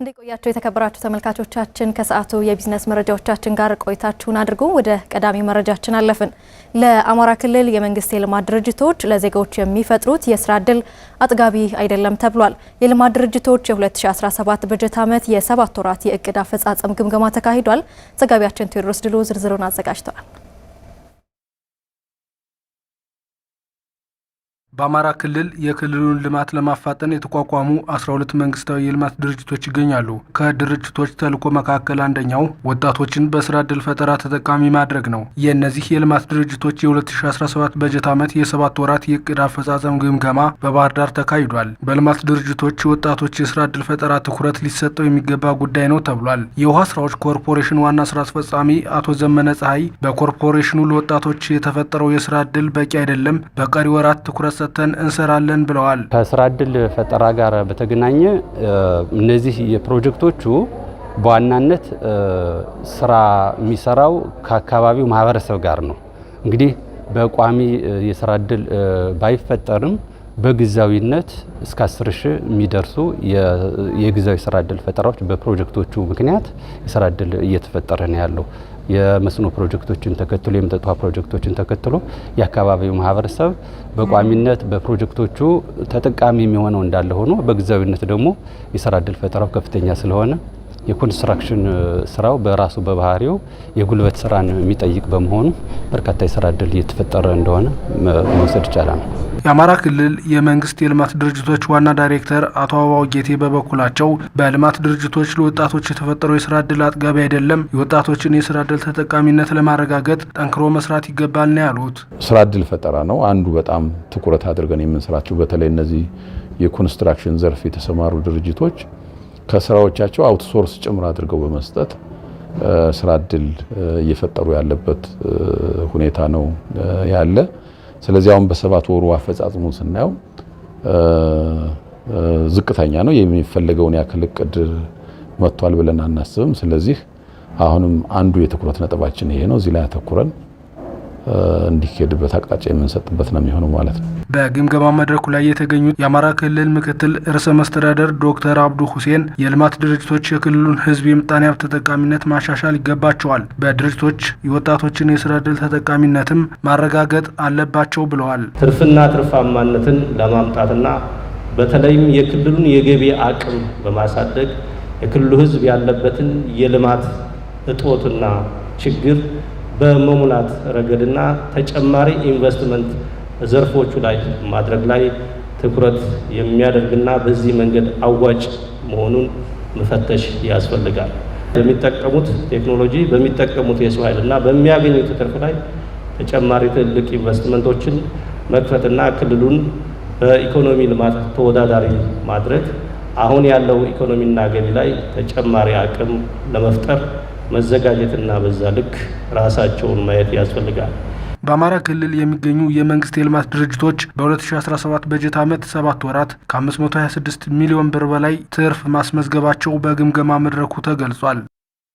እንደቆያቸው የተከበራችሁ ተመልካቾቻችን ከሰዓቱ የቢዝነስ መረጃዎቻችን ጋር ቆይታችሁን አድርጉ። ወደ ቀዳሚ መረጃችን አለፍን። ለአማራ ክልል የመንግስት የልማት ድርጅቶች ለዜጋዎች የሚፈጥሩት የስራ እድል አጥጋቢ አይደለም ተብሏል። የልማት ድርጅቶች የ2017 በጀት ዓመት የሰባት ወራት የእቅድ አፈጻጸም ግምገማ ተካሂዷል። ዘጋቢያችን ቴዎድሮስ ድሎ ዝርዝሩን አዘጋጅተዋል። በአማራ ክልል የክልሉን ልማት ለማፋጠን የተቋቋሙ 12 መንግስታዊ የልማት ድርጅቶች ይገኛሉ። ከድርጅቶች ተልዕኮ መካከል አንደኛው ወጣቶችን በስራ ዕድል ፈጠራ ተጠቃሚ ማድረግ ነው። የእነዚህ የልማት ድርጅቶች የ2017 በጀት ዓመት የሰባት ወራት የዕቅድ አፈጻጸም ግምገማ በባህር ዳር ተካሂዷል። በልማት ድርጅቶች ወጣቶች የስራ ዕድል ፈጠራ ትኩረት ሊሰጠው የሚገባ ጉዳይ ነው ተብሏል። የውሃ ስራዎች ኮርፖሬሽን ዋና ስራ አስፈጻሚ አቶ ዘመነ ፀሐይ በኮርፖሬሽኑ ለወጣቶች የተፈጠረው የስራ ዕድል በቂ አይደለም፣ በቀሪ ወራት ትኩረት ሰጥተን እንሰራለን ብለዋል። ከስራ እድል ፈጠራ ጋር በተገናኘ እነዚህ የፕሮጀክቶቹ በዋናነት ስራ የሚሰራው ከአካባቢው ማህበረሰብ ጋር ነው። እንግዲህ በቋሚ የስራ እድል ባይፈጠርም በጊዜያዊነት እስከ 10 ሺህ የሚደርሱ የጊዜያዊ ስራ እድል ፈጠራዎች በፕሮጀክቶቹ ምክንያት የስራ እድል እየተፈጠረ ነው ያለው። የመስኖ ፕሮጀክቶችን ተከትሎ የመጠጥ ውሃ ፕሮጀክቶችን ተከትሎ የአካባቢው ማህበረሰብ በቋሚነት በፕሮጀክቶቹ ተጠቃሚ የሚሆነው እንዳለ ሆኖ በጊዜያዊነት ደግሞ የስራ እድል ፈጠራው ከፍተኛ ስለሆነ የኮንስትራክሽን ስራው በራሱ በባህሪው የጉልበት ስራን የሚጠይቅ በመሆኑ በርካታ የስራ እድል እየተፈጠረ እንደሆነ መውሰድ ይቻላል። የአማራ ክልል የመንግስት የልማት ድርጅቶች ዋና ዳይሬክተር አቶ አበባው ጌቴ በበኩላቸው በልማት ድርጅቶች ለወጣቶች የተፈጠረው የስራ እድል አጥጋቢ አይደለም፣ የወጣቶችን የስራ እድል ተጠቃሚነት ለማረጋገጥ ጠንክሮ መስራት ይገባል ነው ያሉት። ስራ እድል ፈጠራ ነው አንዱ በጣም ትኩረት አድርገን የምንሰራቸው። በተለይ እነዚህ የኮንስትራክሽን ዘርፍ የተሰማሩ ድርጅቶች ከስራዎቻቸው አውትሶርስ ጭምር አድርገው በመስጠት ስራ እድል እየፈጠሩ ያለበት ሁኔታ ነው ያለ ስለዚህ አሁን በሰባት ወሩ አፈጻጽሙን ስናየው ዝቅተኛ ነው። የሚፈለገውን ያክል እቅድ መጥቷል ብለን አናስብም። ስለዚህ አሁንም አንዱ የትኩረት ነጥባችን ይሄ ነው። እዚህ ላይ አተኩረን እንዲሄድበት አቅጣጫ የምንሰጥበት ነው የሚሆነው ማለት ነው። በግምገማ መድረኩ ላይ የተገኙት የአማራ ክልል ምክትል ርዕሰ መስተዳደር ዶክተር አብዱ ሁሴን የልማት ድርጅቶች የክልሉን ህዝብ የምጣኔ ሀብት ተጠቃሚነት ማሻሻል ይገባቸዋል፣ በድርጅቶች የወጣቶችን የስራ ዕድል ተጠቃሚነትም ማረጋገጥ አለባቸው ብለዋል። ትርፍና ትርፋማነትን ለማምጣትና በተለይም የክልሉን የገቢ አቅም በማሳደግ የክልሉ ህዝብ ያለበትን የልማት እጦትና ችግር በመሙላት ረገድና ተጨማሪ ኢንቨስትመንት ዘርፎቹ ላይ ማድረግ ላይ ትኩረት የሚያደርግና በዚህ መንገድ አዋጭ መሆኑን መፈተሽ ያስፈልጋል። በሚጠቀሙት ቴክኖሎጂ በሚጠቀሙት የሰው ኃይልና በሚያገኙት ትርፍ ላይ ተጨማሪ ትልቅ ኢንቨስትመንቶችን መክፈትና ክልሉን በኢኮኖሚ ልማት ተወዳዳሪ ማድረግ አሁን ያለው ኢኮኖሚና ገቢ ላይ ተጨማሪ አቅም ለመፍጠር መዘጋጀትና በዛ ልክ ራሳቸውን ማየት ያስፈልጋል። በአማራ ክልል የሚገኙ የመንግስት የልማት ድርጅቶች በ2017 በጀት ዓመት ሰባት ወራት ከ526 ሚሊዮን ብር በላይ ትርፍ ማስመዝገባቸው በግምገማ መድረኩ ተገልጿል።